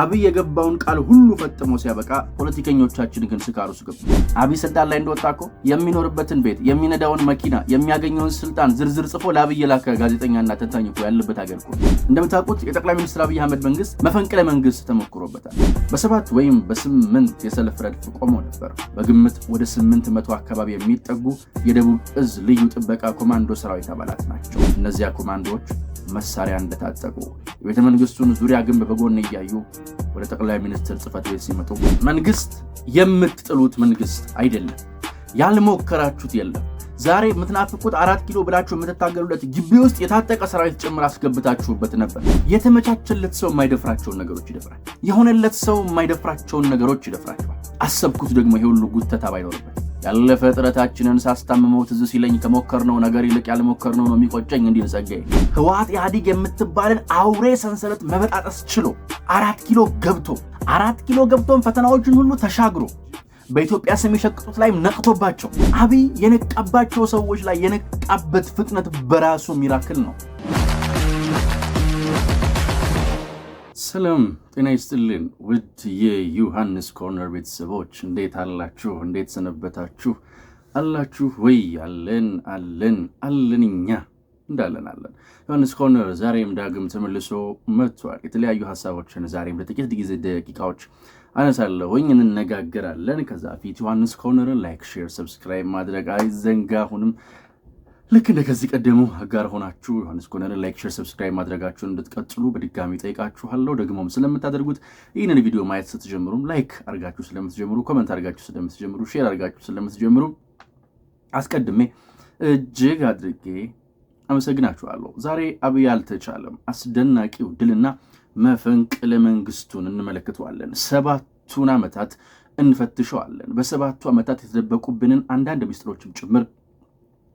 አብይ የገባውን ቃል ሁሉ ፈጥሞ ሲያበቃ ፖለቲከኞቻችን ግን ስካሩ ስገቡ። አብይ ስልጣን ላይ እንደወጣ እኮ የሚኖርበትን ቤት፣ የሚነዳውን መኪና፣ የሚያገኘውን ስልጣን ዝርዝር ጽፎ ለአብይ የላከ ጋዜጠኛና ተንታኝ እኮ ያለበት ሀገር እኮ። እንደምታውቁት የጠቅላይ ሚኒስትር አብይ አህመድ መንግስት መፈንቅለ መንግስት ተሞክሮበታል። በሰባት ወይም በስምንት የሰልፍ ረድፍ ቆሞ ነበር። በግምት ወደ ስምንት መቶ አካባቢ የሚጠጉ የደቡብ እዝ ልዩ ጥበቃ ኮማንዶ ሰራዊት አባላት ናቸው። እነዚያ ኮማንዶዎች መሳሪያ እንደታጠቁ የቤተ መንግስቱን ዙሪያ ግንብ በጎን እያዩ ወደ ጠቅላይ ሚኒስትር ጽህፈት ቤት ሲመጡ መንግስት የምትጥሉት መንግስት አይደለም፣ ያልሞከራችሁት የለም። ዛሬ የምትናፍቁት አራት ኪሎ ብላችሁ የምትታገሉለት ግቢ ውስጥ የታጠቀ ሰራዊት ጭምር አስገብታችሁበት ነበር። የተመቻቸለት ሰው የማይደፍራቸውን ነገሮች ይደፍራል። የሆነለት ሰው የማይደፍራቸውን ነገሮች ይደፍራቸዋል። አሰብኩት ደግሞ ይሄ ሁሉ ጉተታ ባይኖርበት ያለፈ ጥረታችንን ሳስታምመው ትዝ ሲለኝ ከሞከርነው ነገር ይልቅ ያልሞከርነው ነው የሚቆጨኝ እንዲል ጸጋዬ። ህወሓት የምትባልን አውሬ ሰንሰለት መበጣጠስ ችሎ አራት ኪሎ ገብቶ አራት ኪሎ ገብቶም ፈተናዎችን ሁሉ ተሻግሮ በኢትዮጵያ ስም የሸቅጡት ላይም ነቅቶባቸው አብይ የነቃባቸው ሰዎች ላይ የነቃበት ፍጥነት በራሱ ሚራክል ነው። ሰላም ጤና ይስጥልን ውድ የዮሐንስ ኮርነር ቤተሰቦች እንዴት አላችሁ? እንዴት ሰነበታችሁ? አላችሁ ወይ? አለን አለን አለን እኛ እንዳለን አለን። ዮሐንስ ኮርነር ዛሬም ዳግም ተመልሶ መጥቷል። የተለያዩ ሀሳቦችን ዛሬም ለጥቂት ጊዜ ደቂቃዎች አነሳለሁኝ፣ እንነጋገራለን። ከዛ ፊት ዮሐንስ ኮርነርን ላይክ፣ ሼር፣ ሰብስክራይብ ማድረግ አይዘንጋ። አሁንም ልክ እንደ ከዚህ ቀደሙ ጋር ሆናችሁ ዮሐንስ ኮነር ላይክ፣ ሼር፣ ሰብስክራይብ ማድረጋችሁን እንድትቀጥሉ በድጋሚ ጠይቃችኋለሁ። ደግሞም ስለምታደርጉት ይህንን ቪዲዮ ማየት ስትጀምሩም ላይክ አድርጋችሁ ስለምትጀምሩ፣ ኮመንት አድርጋችሁ ስለምትጀምሩ፣ ሼር አድርጋችሁ ስለምትጀምሩ አስቀድሜ እጅግ አድርጌ አመሰግናችኋለሁ። ዛሬ አብይ አልተቻለም አስደናቂው ድልና መፈንቅለ መንግስቱን እንመለከተዋለን። ሰባቱን ዓመታት እንፈትሸዋለን። በሰባቱ ዓመታት የተደበቁብንን አንዳንድ ሚስጥሮችም ጭምር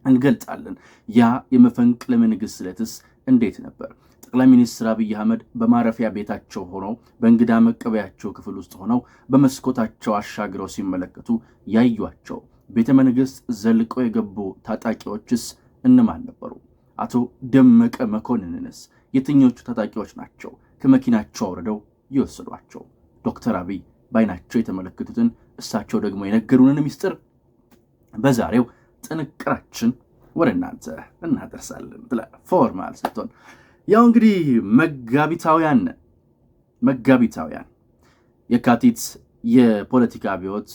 እንገልጻለን። ያ የመፈንቅለ መንግስት ስለትስ እንዴት ነበር? ጠቅላይ ሚኒስትር አብይ አህመድ በማረፊያ ቤታቸው ሆነው በእንግዳ መቀበያቸው ክፍል ውስጥ ሆነው በመስኮታቸው አሻግረው ሲመለከቱ ያዩቸው ቤተ መንግስት ዘልቀው የገቡ ታጣቂዎችስ እነማን ነበሩ? አቶ ደመቀ መኮንንንስ የትኞቹ ታጣቂዎች ናቸው ከመኪናቸው አውርደው የወሰዷቸው? ዶክተር አብይ በአይናቸው የተመለከቱትን እሳቸው ደግሞ የነገሩንን ምስጢር በዛሬው ጥንቅራችን ወደ እናንተ እናደርሳለን ብላ ፎርማል ስትሆን ያው እንግዲህ መጋቢታውያን መጋቢታውያን የካቲት የፖለቲካ አብዮት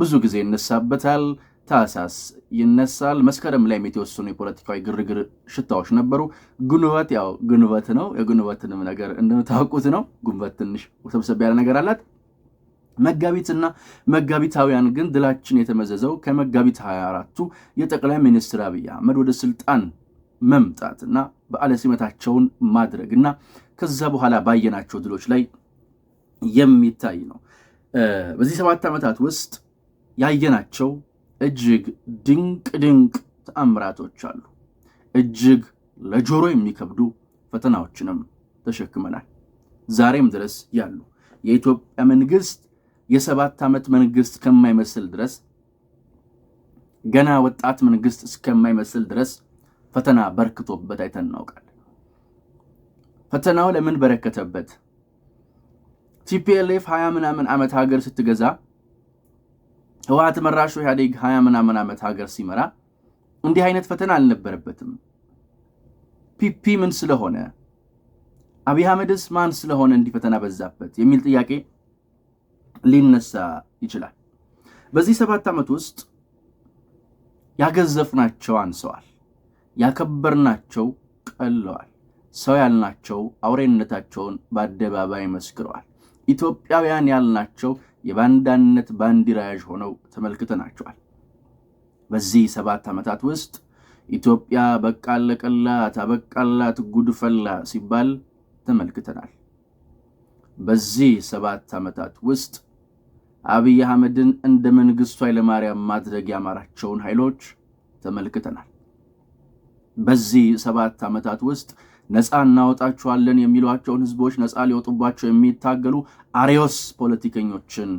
ብዙ ጊዜ ይነሳበታል። ታህሳስ ይነሳል። መስከረም ላይም የተወሰኑ የፖለቲካዊ ግርግር ሽታዎች ነበሩ። ግንቦት ያው ግንቦት ነው። የግንቦትንም ነገር እንደምታውቁት ነው። ግንቦት ትንሽ ሰብሰብ ያለ ነገር አላት። መጋቢትና መጋቢታውያን ግን ድላችን የተመዘዘው ከመጋቢት 24ቱ የጠቅላይ ሚኒስትር አብይ አህመድ ወደ ስልጣን መምጣትና በዓለ ሲመታቸውን ማድረግና ከዛ በኋላ ባየናቸው ድሎች ላይ የሚታይ ነው። በዚህ ሰባት ዓመታት ውስጥ ያየናቸው እጅግ ድንቅ ድንቅ ተአምራቶች አሉ። እጅግ ለጆሮ የሚከብዱ ፈተናዎችንም ተሸክመናል። ዛሬም ድረስ ያሉ የኢትዮጵያ መንግስት የሰባት ዓመት መንግስት ከማይመስል ድረስ ገና ወጣት መንግስት እስከማይመስል ድረስ ፈተና በርክቶበት አይተን እናውቃለን። ፈተናው ለምን በረከተበት? ቲፒኤልኤፍ ሀያ ምናምን ዓመት ሀገር ስትገዛ ህወሓት መራሹ ኢህአዴግ ሀያ ምናምን ዓመት ሀገር ሲመራ እንዲህ አይነት ፈተና አልነበረበትም። ፒፒ ምን ስለሆነ አብይ አህመድስ ማን ስለሆነ እንዲህ ፈተና በዛበት የሚል ጥያቄ ሊነሳ ይችላል። በዚህ ሰባት ዓመት ውስጥ ያገዘፍናቸው አንሰዋል፣ ያከበርናቸው ቀለዋል፣ ሰው ያልናቸው አውሬነታቸውን በአደባባይ መስክረዋል፣ ኢትዮጵያውያን ያልናቸው የባንዳነት ባንዲራ ያዥ ሆነው ተመልክተናቸዋል። በዚህ ሰባት ዓመታት ውስጥ ኢትዮጵያ በቃ አለቀላት፣ አበቃላት፣ ጉድፈላ ሲባል ተመልክተናል። በዚህ ሰባት ዓመታት ውስጥ አብይ አህመድን እንደ መንግስቱ ኃይለማርያም ማድረግ ያማራቸውን ኃይሎች ተመልክተናል። በዚህ ሰባት ዓመታት ውስጥ ነፃ እናወጣቸዋለን የሚሏቸውን ህዝቦች ነፃ ሊወጡባቸው የሚታገሉ አሪዮስ ፖለቲከኞችን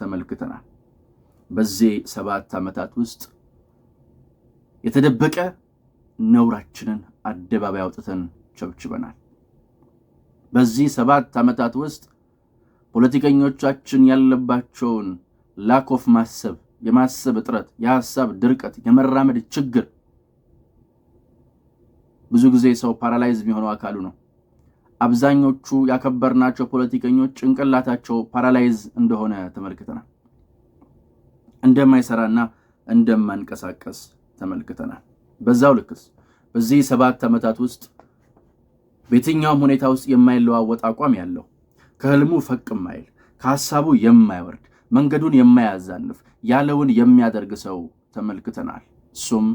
ተመልክተናል። በዚህ ሰባት ዓመታት ውስጥ የተደበቀ ነውራችንን አደባባይ አውጥተን ቸብችበናል። በዚህ ሰባት ዓመታት ውስጥ ፖለቲከኞቻችን ያለባቸውን ላክ ኦፍ ማሰብ የማሰብ እጥረት፣ የሀሳብ ድርቀት፣ የመራመድ ችግር ብዙ ጊዜ ሰው ፓራላይዝ የሚሆነው አካሉ ነው። አብዛኞቹ ያከበርናቸው ፖለቲከኞች ጭንቅላታቸው ፓራላይዝ እንደሆነ ተመልክተናል። እንደማይሰራና እንደማንቀሳቀስ ተመልክተናል። በዛው ልክስ በዚህ ሰባት ዓመታት ውስጥ በየትኛውም ሁኔታ ውስጥ የማይለዋወጥ አቋም ያለው ከህልሙ ፈቅ ማይል ከሐሳቡ የማይወርድ መንገዱን የማያዛንፍ ያለውን የሚያደርግ ሰው ተመልክተናል። እሱም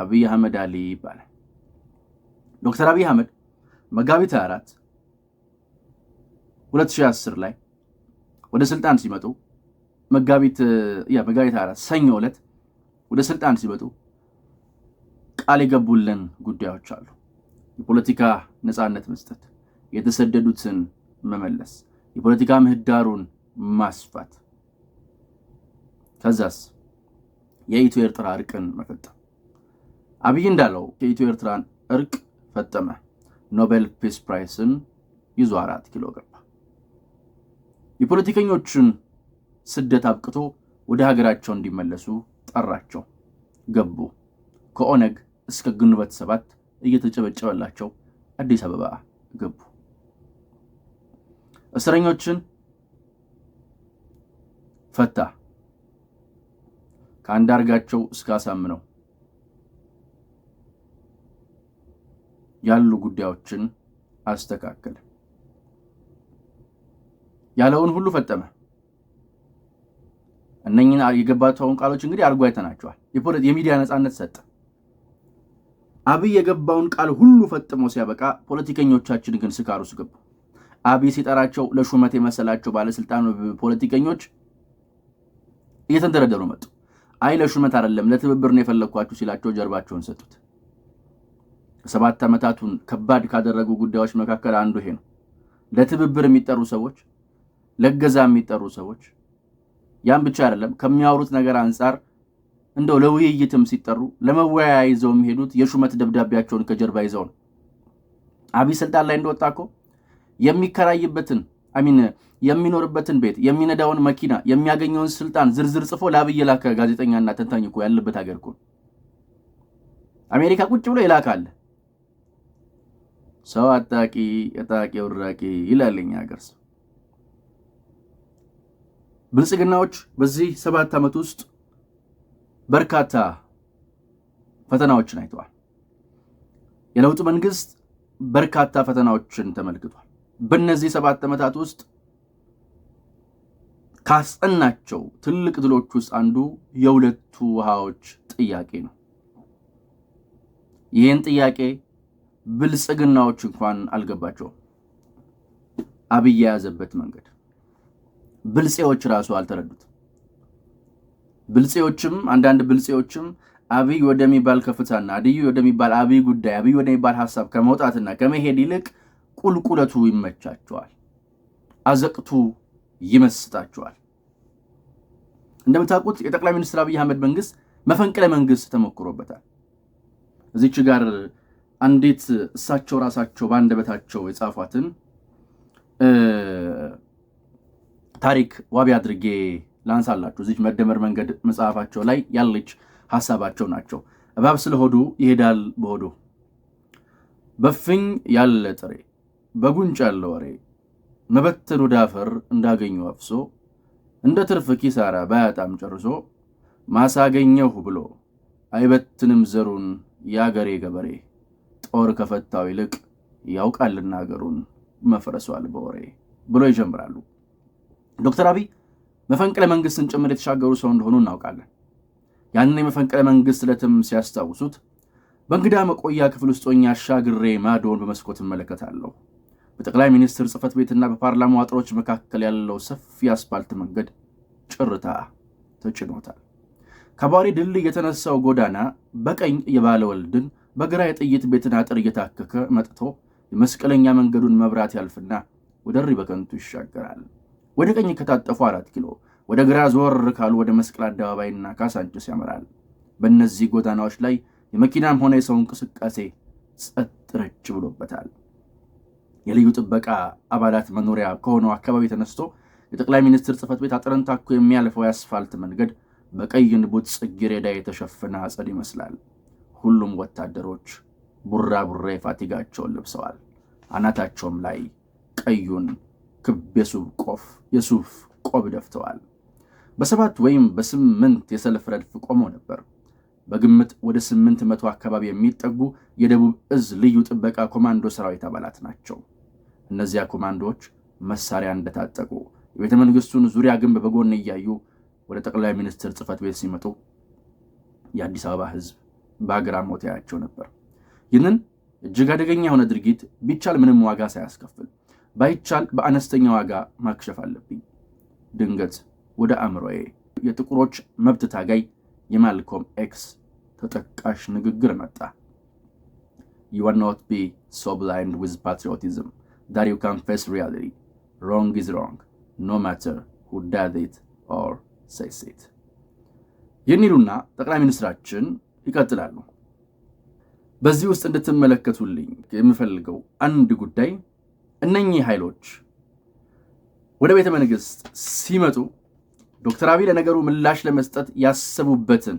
አብይ አህመድ አሊ ይባላል። ዶክተር አብይ አህመድ መጋቢት 24 2010 ላይ ወደ ስልጣን ሲመጡ መጋቢት ያ መጋቢት 24 ሰኞ ዕለት ወደ ስልጣን ሲመጡ ቃል የገቡልን ጉዳዮች አሉ። የፖለቲካ ነፃነት መስጠት፣ የተሰደዱትን መመለስ፣ የፖለቲካ ምህዳሩን ማስፋት፣ ከዛስ የኢትዮ ኤርትራ እርቅን መፈጠም። አብይ እንዳለው የኢትዮ ኤርትራን እርቅ ፈጠመ። ኖቤል ፒስ ፕራይስን ይዞ አራት ኪሎ ገባ። የፖለቲከኞችን ስደት አብቅቶ ወደ ሀገራቸው እንዲመለሱ ጠራቸው። ገቡ። ከኦነግ እስከ ግንቦት ሰባት እየተጨበጨበላቸው አዲስ አበባ ገቡ። እስረኞችን ፈታ። ከአንዳርጋቸው እስከ አሳምነው ያሉ ጉዳዮችን አስተካከለ። ያለውን ሁሉ ፈጠመ እነኝን የገባቸውን ቃሎች እንግዲህ አድርጎ አይተናቸዋል። የሚዲያ ነፃነት ሰጠ። አብይ የገባውን ቃል ሁሉ ፈጥሞ ሲያበቃ ፖለቲከኞቻችን ግን ስካሩ ገቡ። አብይ ሲጠራቸው ለሹመት የመሰላቸው ባለስልጣን ፖለቲከኞች እየተንደረደሩ መጡ። አይ ለሹመት አይደለም ለትብብር ነው የፈለግኳችሁ ሲላቸው ጀርባቸውን ሰጡት። ሰባት ዓመታቱን ከባድ ካደረጉ ጉዳዮች መካከል አንዱ ይሄ ነው። ለትብብር የሚጠሩ ሰዎች፣ ለገዛ የሚጠሩ ሰዎች፣ ያም ብቻ አይደለም ከሚያወሩት ነገር አንጻር እንደው ለውይይትም ሲጠሩ ለመወያያ ይዘው የሚሄዱት የሹመት ደብዳቤያቸውን ከጀርባ ይዘው ነው። አብይ ስልጣን ላይ እንደወጣ እኮ የሚከራይበትን አሚን የሚኖርበትን ቤት የሚነዳውን መኪና የሚያገኘውን ስልጣን ዝርዝር ጽፎ ለአብይ የላከ ጋዜጠኛና ተንታኝ እኮ ያለበት ሀገር እኮ አሜሪካ ቁጭ ብሎ ይላካል። ሰው አጣቂ አጣቂ ውራቂ ይላለኝ ሀገር ሰው ብልጽግናዎች በዚህ ሰባት ዓመት ውስጥ በርካታ ፈተናዎችን አይተዋል። የለውጥ መንግስት በርካታ ፈተናዎችን ተመልክቷል። በእነዚህ ሰባት ዓመታት ውስጥ ካስጠናቸው ትልቅ ድሎች ውስጥ አንዱ የሁለቱ ውሃዎች ጥያቄ ነው። ይህን ጥያቄ ብልጽግናዎች እንኳን አልገባቸውም። አብይ የያዘበት መንገድ ብልጽዎች ራሱ አልተረዱት። ብልፄዎችም አንዳንድ ብልጽዎችም አብይ ወደሚባል ከፍታና አድዩ ወደሚባል አብይ ጉዳይ አብይ ወደሚባል ሀሳብ ከመውጣትና ከመሄድ ይልቅ ቁልቁለቱ ይመቻቸዋል፣ አዘቅቱ ይመስጣቸዋል። እንደምታውቁት የጠቅላይ ሚኒስትር አብይ አህመድ መንግስት መፈንቅለ መንግስት ተሞክሮበታል። እዚች ጋር አንዲት እሳቸው ራሳቸው በአንደበታቸው የጻፏትን ታሪክ ዋቢ አድርጌ ላንሳላችሁ። እዚች መደመር መንገድ መጽሐፋቸው ላይ ያለች ሀሳባቸው ናቸው። እባብ ስለሆዱ ይሄዳል በሆዱ በፍኝ ያለ ጥሬ በጉንጭ ያለ ወሬ መበተን ወደ አፈር እንዳገኘው አፍሶ እንደ ትርፍ ኪሳራ ባያጣም ጨርሶ ማሳገኘሁ ብሎ አይበትንም ዘሩን የአገሬ ገበሬ ጦር ከፈታው ይልቅ ያውቃልና አገሩን መፍረሷል በወሬ ብሎ ይጀምራሉ። ዶክተር አብይ መፈንቅለ መንግስትን ጭምር የተሻገሩ ሰው እንደሆኑ እናውቃለን። ያንን የመፈንቅለ መንግስት ዕለትም ሲያስታውሱት በእንግዳ መቆያ ክፍል ውስጥ ሆኜ አሻግሬ ማዶን በመስኮት እመለከታለሁ በጠቅላይ ሚኒስትር ጽህፈት ቤትና በፓርላማ አጥሮች መካከል ያለው ሰፊ አስፓልት መንገድ ጭርታ ተጭኖታል። ከባሪ ድልድይ የተነሳው ጎዳና በቀኝ የባለ ወልድን በግራ የጥይት ቤትን አጥር እየታከከ መጥቶ የመስቀለኛ መንገዱን መብራት ያልፍና ወደ በቀንቱ በከንቱ ይሻገራል። ወደ ቀኝ ከታጠፉ አራት ኪሎ ወደ ግራ ዞር ካሉ ወደ መስቀል አደባባይና ካሳንጭስ ያመራል። በእነዚህ ጎዳናዎች ላይ የመኪናም ሆነ የሰው እንቅስቃሴ ጸጥ ረጭ ብሎበታል። የልዩ ጥበቃ አባላት መኖሪያ ከሆነው አካባቢ ተነስቶ የጠቅላይ ሚኒስትር ጽሕፈት ቤት አጥርን ታኮ የሚያልፈው የአስፋልት መንገድ በቀይ ንቡት ጽጌረዳ የተሸፈነ አጸድ ይመስላል። ሁሉም ወታደሮች ቡራቡሬ ፋቲጋቸውን ለብሰዋል። አናታቸውም ላይ ቀዩን ክብ የሱፍ ቆፍ የሱፍ ቆብ ደፍተዋል። በሰባት ወይም በስምንት የሰልፍ ረድፍ ቆመው ነበር። በግምት ወደ ስምንት መቶ አካባቢ የሚጠጉ የደቡብ እዝ ልዩ ጥበቃ ኮማንዶ ሰራዊት አባላት ናቸው። እነዚያ ኮማንዶዎች መሳሪያ እንደታጠቁ የቤተ መንግስቱን ዙሪያ ግንብ በጎን እያዩ ወደ ጠቅላይ ሚኒስትር ጽህፈት ቤት ሲመጡ የአዲስ አበባ ህዝብ በአግራሞት ያያቸው ነበር። ይህንን እጅግ አደገኛ የሆነ ድርጊት ቢቻል ምንም ዋጋ ሳያስከፍል ባይቻል በአነስተኛ ዋጋ ማክሸፍ አለብኝ። ድንገት ወደ አእምሮዬ የጥቁሮች መብት ታጋይ የማልኮም ኤክስ ተጠቃሽ ንግግር መጣ። ዩ አር ኖት ቢ ሶ ብላይንድ ዊዝ ፓትሪዮቲዝም ዳት ዩ ካን ፌስ ሪያሊቲ ሮንግ ኢዝ ሮንግ ኖ ማተር ሁ ኢት ኦር ሴይስ ኢት የሚሉና ጠቅላይ ሚኒስትራችን ይቀጥላሉ። በዚህ ውስጥ እንድትመለከቱልኝ የምፈልገው አንድ ጉዳይ እነኚህ ኃይሎች ወደ ቤተ መንግስት ሲመጡ ዶክተር አብይ ለነገሩ ምላሽ ለመስጠት ያሰቡበትን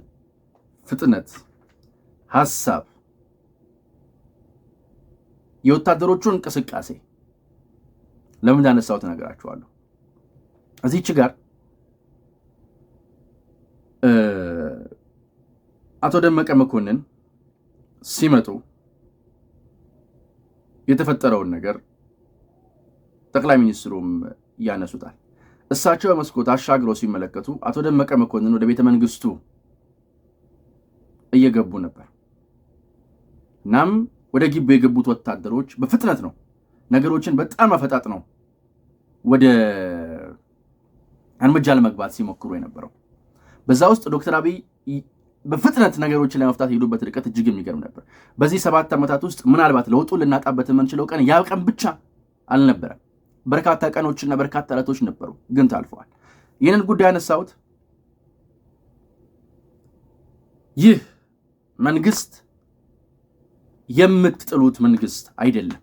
ፍጥነት፣ ሀሳብ፣ የወታደሮቹ እንቅስቃሴ ለምን እንዳነሳሁት እነግራችኋለሁ። እዚች ጋር አቶ ደመቀ መኮንን ሲመጡ የተፈጠረውን ነገር ጠቅላይ ሚኒስትሩም ያነሱታል። እሳቸው በመስኮት አሻግረው ሲመለከቱ አቶ ደመቀ መኮንን ወደ ቤተ መንግስቱ እየገቡ ነበር። እናም ወደ ግቢው የገቡት ወታደሮች በፍጥነት ነው ነገሮችን በጣም ነው ወደ እርምጃ ለመግባት ሲሞክሩ የነበረው። በዛ ውስጥ ዶክተር አብይ በፍጥነት ነገሮችን ለመፍታት የሄዱበት ርቀት እጅግ የሚገርም ነበር። በዚህ ሰባት ዓመታት ውስጥ ምናልባት ለውጡን ልናጣበት የምንችለው ቀን ያው ቀን ብቻ አልነበረም። በርካታ ቀኖችና በርካታ ዕለቶች ነበሩ፣ ግን ታልፈዋል። ይህንን ጉዳይ ያነሳሁት ይህ መንግስት የምትጥሉት መንግስት አይደለም።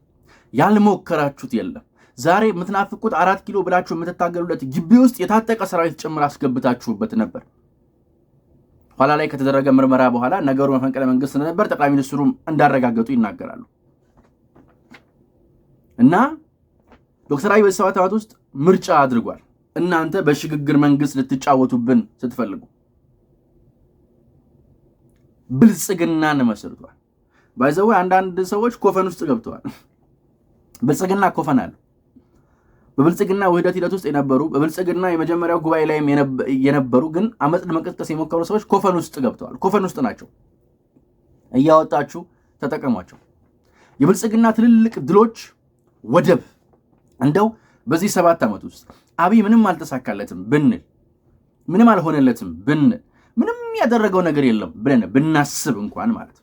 ያልሞከራችሁት የለም። ዛሬ የምትናፍቁት አራት ኪሎ ብላችሁ የምትታገሉለት ግቢ ውስጥ የታጠቀ ሰራዊት ጭምር አስገብታችሁበት ነበር። ኋላ ላይ ከተደረገ ምርመራ በኋላ ነገሩ መፈንቅለ መንግስት እንደነበር ጠቅላይ ሚኒስትሩም እንዳረጋገጡ ይናገራሉ እና ዶክተር አብይ በዚህ ዓመት ውስጥ ምርጫ አድርጓል። እናንተ በሽግግር መንግስት ልትጫወቱብን ስትፈልጉ ብልጽግናን መስርቷል። ባይዘው አንዳንድ ሰዎች ኮፈን ውስጥ ገብተዋል። ብልጽግና ኮፈን አለ። በብልጽግና ውህደት ሂደት ውስጥ የነበሩ በብልጽግና የመጀመሪያው ጉባኤ ላይም የነበሩ ግን አመፅ ለመቀስቀስ የሞከሩ ሰዎች ኮፈን ውስጥ ገብተዋል። ኮፈን ውስጥ ናቸው። እያወጣችሁ ተጠቀሟቸው። የብልጽግና ትልልቅ ድሎች ወደብ እንደው በዚህ ሰባት ዓመት ውስጥ አብይ ምንም አልተሳካለትም ብንል፣ ምንም አልሆነለትም ብንል፣ ምንም ያደረገው ነገር የለም ብለን ብናስብ እንኳን ማለት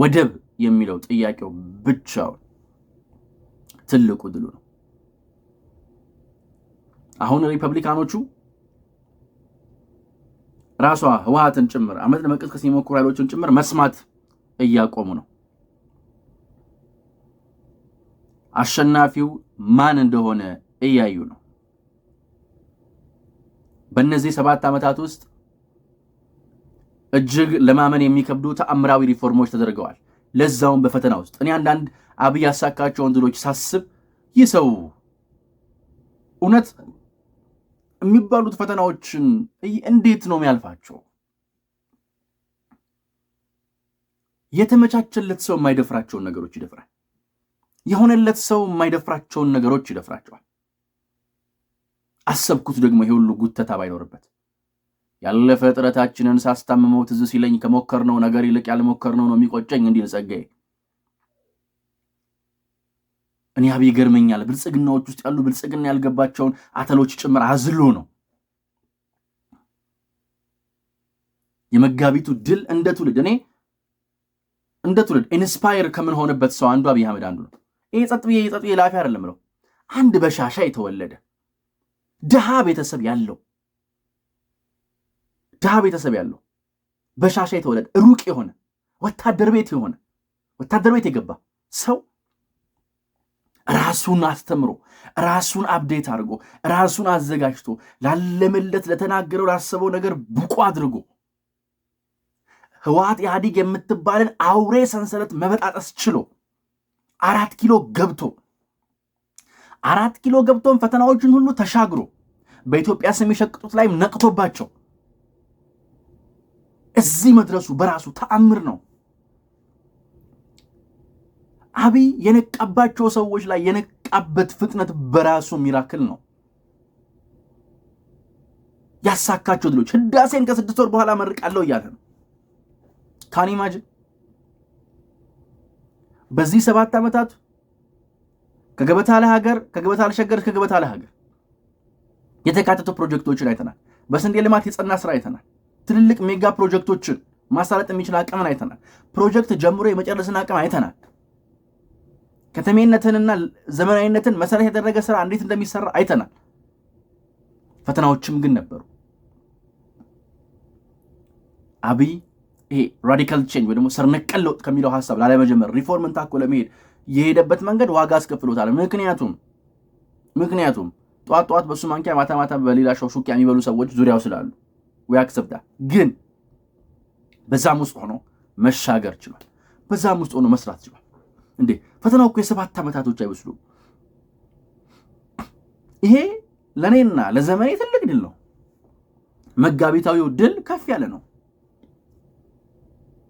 ወደብ የሚለው ጥያቄው ብቻውን ትልቁ ድሉ ነው። አሁን ሪፐብሊካኖቹ ራሷ ህወሀትን ጭምር አመፅ ለመቀስቀስ የሞከሩ ኃይሎችን ጭምር መስማት እያቆሙ ነው። አሸናፊው ማን እንደሆነ እያዩ ነው። በእነዚህ ሰባት ዓመታት ውስጥ እጅግ ለማመን የሚከብዱ ተአምራዊ ሪፎርሞች ተደርገዋል። ለዛውም በፈተና ውስጥ እኔ አንዳንድ አብይ ያሳካቸውን ድሎች ሳስብ ይህ ሰው እውነት የሚባሉት ፈተናዎችን እንዴት ነው የሚያልፋቸው? የተመቻቸለት ሰው የማይደፍራቸውን ነገሮች ይደፍራል። የሆነለት ሰው የማይደፍራቸውን ነገሮች ይደፍራቸዋል። አሰብኩት ደግሞ ይሄ ሁሉ ጉተታ ባይኖርበት ያለፈ ጥረታችንን ሳስታምመው ትዝ ሲለኝ ከሞከርነው ነገር ይልቅ ያልሞከርነው ነው የሚቆጨኝ እንዲል ጸጋዬ። እኔ አብ ይገርመኛል። ብልጽግናዎች ውስጥ ያሉ ብልጽግና ያልገባቸውን አተሎች ጭምር አዝሎ ነው የመጋቢቱ ድል እንደ ትውልድ እኔ እንደ ትውልድ ኢንስፓየር ከምንሆንበት ሰው አንዱ አብይ አህመድ አንዱ ነው። ይሄ ጸጥ ብዬ ጸጥ ብዬ ላፊ አይደለም ነው። አንድ በሻሻ የተወለደ ድሃ ቤተሰብ ያለው ድሃ ቤተሰብ ያለው በሻሻ የተወለደ ሩቅ የሆነ ወታደር ቤት የሆነ ወታደር ቤት የገባ ሰው ራሱን አስተምሮ ራሱን አብዴት አድርጎ ራሱን አዘጋጅቶ ላለመለት ለተናገረው ላሰበው ነገር ብቁ አድርጎ ህወሓት ኢህአዲግ የምትባልን አውሬ ሰንሰለት መበጣጠስ ችሎ አራት ኪሎ ገብቶ አራት ኪሎ ገብቶን ፈተናዎችን ሁሉ ተሻግሮ በኢትዮጵያ ስም የሸቅጡት ላይም ነቅቶባቸው እዚህ መድረሱ በራሱ ተአምር ነው። አብይ የነቃባቸው ሰዎች ላይ የነቃበት ፍጥነት በራሱ ሚራክል ነው። ያሳካቸው ድሎች ህዳሴን ከስድስት ወር በኋላ መርቃለሁ እያለ ነው። ካን ኢማጅን በዚህ ሰባት ዓመታት ከገበታ ለሀገር ከገበታ ለሸገር እስከ ገበታ ለሀገር የተካተቱ ፕሮጀክቶችን አይተናል። በስንዴ ልማት የጸና ስራ አይተናል። ትልልቅ ሜጋ ፕሮጀክቶችን ማሳለጥ የሚችል አቅምን አይተናል። ፕሮጀክት ጀምሮ የመጨረስን አቅም አይተናል። ከተሜነትንና ዘመናዊነትን መሰረት ያደረገ ስራ እንዴት እንደሚሰራ አይተናል። ፈተናዎችም ግን ነበሩ። አብይ ይሄ ራዲካል ቼንጅ ወይ ደግሞ ስር ለውጥ ከሚለው ሀሳብ ላለመጀመር ሪፎርምን ታኮ ለመሄድ የሄደበት መንገድ ዋጋ አስከፍሎታል። ምክንያቱም ምክንያቱም ጠዋት ጠዋት በሱ ማንኪያ ማታ ማታ በሌላ ሻው ሹቅ የሚበሉ ሰዎች ዙሪያው ስላሉ ወይ ግን በዛም ውስጥ ሆኖ መሻገር ችሏል። በዛም ውስጥ ሆኖ መስራት ችሏል። እንዴ ፈተናው እኮ የሰባት ዓመታቶች አይመስሉም። ይሄ ለእኔና ለዘመኔ ትልቅ ድል ነው። መጋቢታዊው ድል ከፍ ያለ ነው።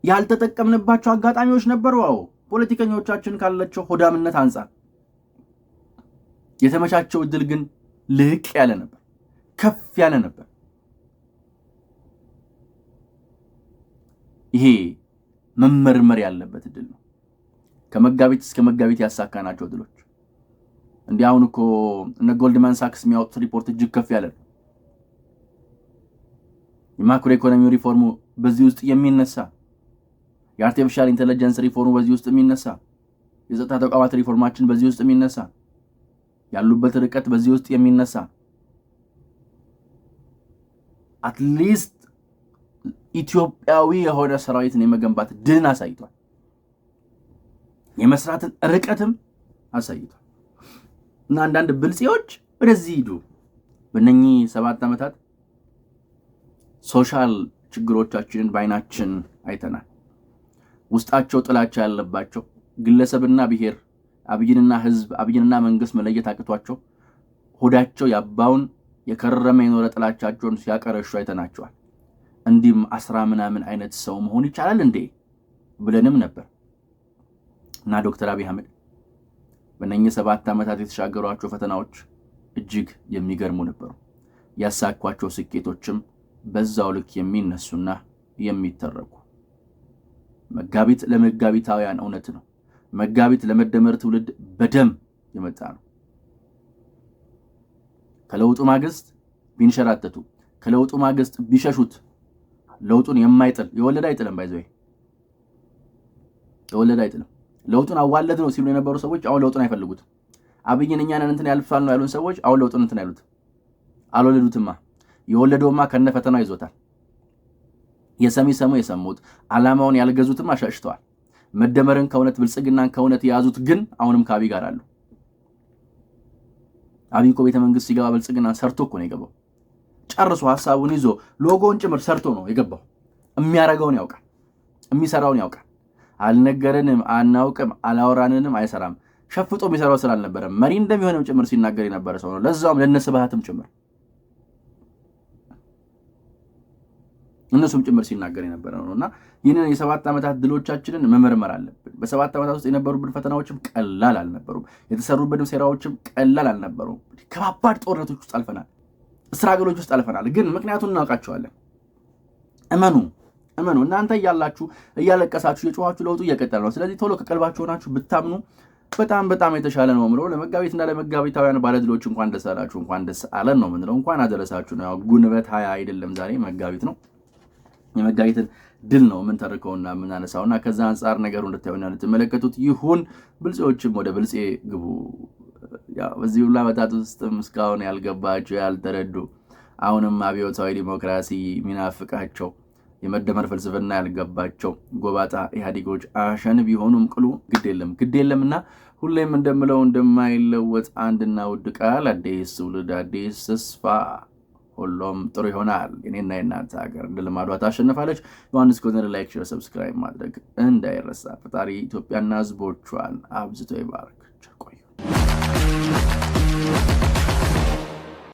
ያልተጠቀምንባቸው አጋጣሚዎች ነበሩ። አዎ ፖለቲከኞቻችን ካላቸው ሆዳምነት አንጻር የተመቻቸው እድል ግን ልቅ ያለ ነበር፣ ከፍ ያለ ነበር። ይሄ መመርመር ያለበት እድል ነው። ከመጋቢት እስከ መጋቢት ያሳካናቸው እድሎች እንዲህ አሁን እኮ እነ ጎልድማን ሳክስ የሚያወጡት ሪፖርት እጅግ ከፍ ያለ ነው። የማክሮ ኢኮኖሚው ሪፎርሙ በዚህ ውስጥ የሚነሳ የአርቲፊሻል ኢንቴለጀንስ ሪፎርሙ በዚህ ውስጥ የሚነሳ የጸጥታ ተቋማት ሪፎርማችን በዚህ ውስጥ የሚነሳ ያሉበት ርቀት በዚህ ውስጥ የሚነሳ አትሊስት ኢትዮጵያዊ የሆነ ሰራዊትን የመገንባት ድን አሳይቷል። የመስራትን ርቀትም አሳይቷል። እና አንዳንድ ብልጽዎች ወደዚህ ሂዱ። በእነኚህ ሰባት ዓመታት ሶሻል ችግሮቻችንን በአይናችን አይተናል። ውስጣቸው ጥላቻ ያለባቸው ግለሰብና ብሔር አብይንና ህዝብ አብይንና መንግስት መለየት አቅቷቸው ሆዳቸው ያባውን የከረመ የኖረ ጥላቻቸውን ሲያቀረሹ አይተናቸዋል። እንዲህም አስራ ምናምን አይነት ሰው መሆን ይቻላል እንዴ ብለንም ነበር እና ዶክተር አብይ አህመድ በእነኚህ ሰባት ዓመታት የተሻገሯቸው ፈተናዎች እጅግ የሚገርሙ ነበሩ። ያሳኳቸው ስኬቶችም በዛው ልክ የሚነሱና የሚተረኩ መጋቢት ለመጋቢታውያን እውነት ነው። መጋቢት ለመደመር ትውልድ በደም የመጣ ነው። ከለውጡ ማግስት ቢንሸራተቱ፣ ከለውጡ ማግስት ቢሸሹት ለውጡን የማይጥል የወለደ አይጥልም። ባይዘ የወለደ አይጥልም። ለውጡን አዋለድ ነው ሲሉ የነበሩ ሰዎች አሁን ለውጡን አይፈልጉት። አብይን እኛን እንትን ያልፋል ነው ያሉን ሰዎች አሁን ለውጡን እንትን አይሉት። አልወለዱትማ። የወለደውማ ከነ ፈተናው ይዞታል። የሰሚ ሰሙ የሰሙት ዓላማውን ያልገዙትም አሻሽተዋል። መደመርን ከእውነት ብልጽግናን ከእውነት የያዙት ግን አሁንም ከአብይ ጋር አሉ። አብይ እኮ ቤተ መንግስት ሲገባ ብልጽግናን ሰርቶ እኮ ነው የገባው። ጨርሶ ሀሳቡን ይዞ ሎጎውን ጭምር ሰርቶ ነው የገባው። የሚያረገውን ያውቃል፣ የሚሰራውን ያውቃል። አልነገረንም፣ አናውቅም፣ አላወራንንም አይሰራም። ሸፍጦ የሚሰራው ስላልነበረ መሪ እንደሚሆንም ጭምር ሲናገር የነበረ ሰው ነው። ለዛውም ለነስብሃትም ጭምር እነሱም ጭምር ሲናገር የነበረ ነው እና ይህንን የሰባት ዓመታት ድሎቻችንን መመርመር አለብን። በሰባት ዓመታት ውስጥ የነበሩብን ፈተናዎችም ቀላል አልነበሩም። የተሰሩብንም ሴራዎችም ቀላል አልነበሩም። ከባባድ ጦርነቶች ውስጥ አልፈናል። ስትራገሎች ውስጥ አልፈናል። ግን ምክንያቱን እናውቃቸዋለን። እመኑ እመኑ። እናንተ እያላችሁ እያለቀሳችሁ የጮኋችሁ ለውጡ እየቀጠለ ነው። ስለዚህ ቶሎ ከቀልባችሁ ሆናችሁ ብታምኑ በጣም በጣም የተሻለ ነው ምለው። ለመጋቢት እና ለመጋቢታውያን ባለድሎች እንኳን ደስ አላችሁ፣ እንኳን ደስ አለን ነው ምንለው። እንኳን አደረሳችሁ ነው። ያው ጉንበት ሀያ አይደለም ዛሬ መጋቢት ነው። የመጋቢትን ድል ነው የምንተርከውና የምናነሳውና ከዛ አንጻር ነገሩ እንድታዩና ልትመለከቱት ይሁን። ብልጽዎችም ወደ ብልፄ ግቡ። በዚህ ሁሉ ዓመታት ውስጥም እስካሁን ያልገባቸው ያልተረዱ አሁንም አብዮታዊ ዲሞክራሲ ሚናፍቃቸው የመደመር ፍልስፍና ያልገባቸው ጎባጣ ኢህአዴጎች አሸን ቢሆኑም ቅሉ ግድ የለም ግድ የለምና ሁሌም እንደምለው እንደማይለወጥ አንድና ውድ ቃል አዲስ ትውልድ አዲስ ተስፋ ሁሉም ጥሩ ይሆናል። የኔና የእናንተ ሀገር እንደ ልማዷ ታሸንፋለች። ዮሐንስ ኮርነር ላይክ፣ ሼር፣ ሰብስክራይብ ማድረግ እንዳይረሳ። ፈጣሪ ኢትዮጵያና ህዝቦቿን አብዝቶ ይባርክ። ቆዩ።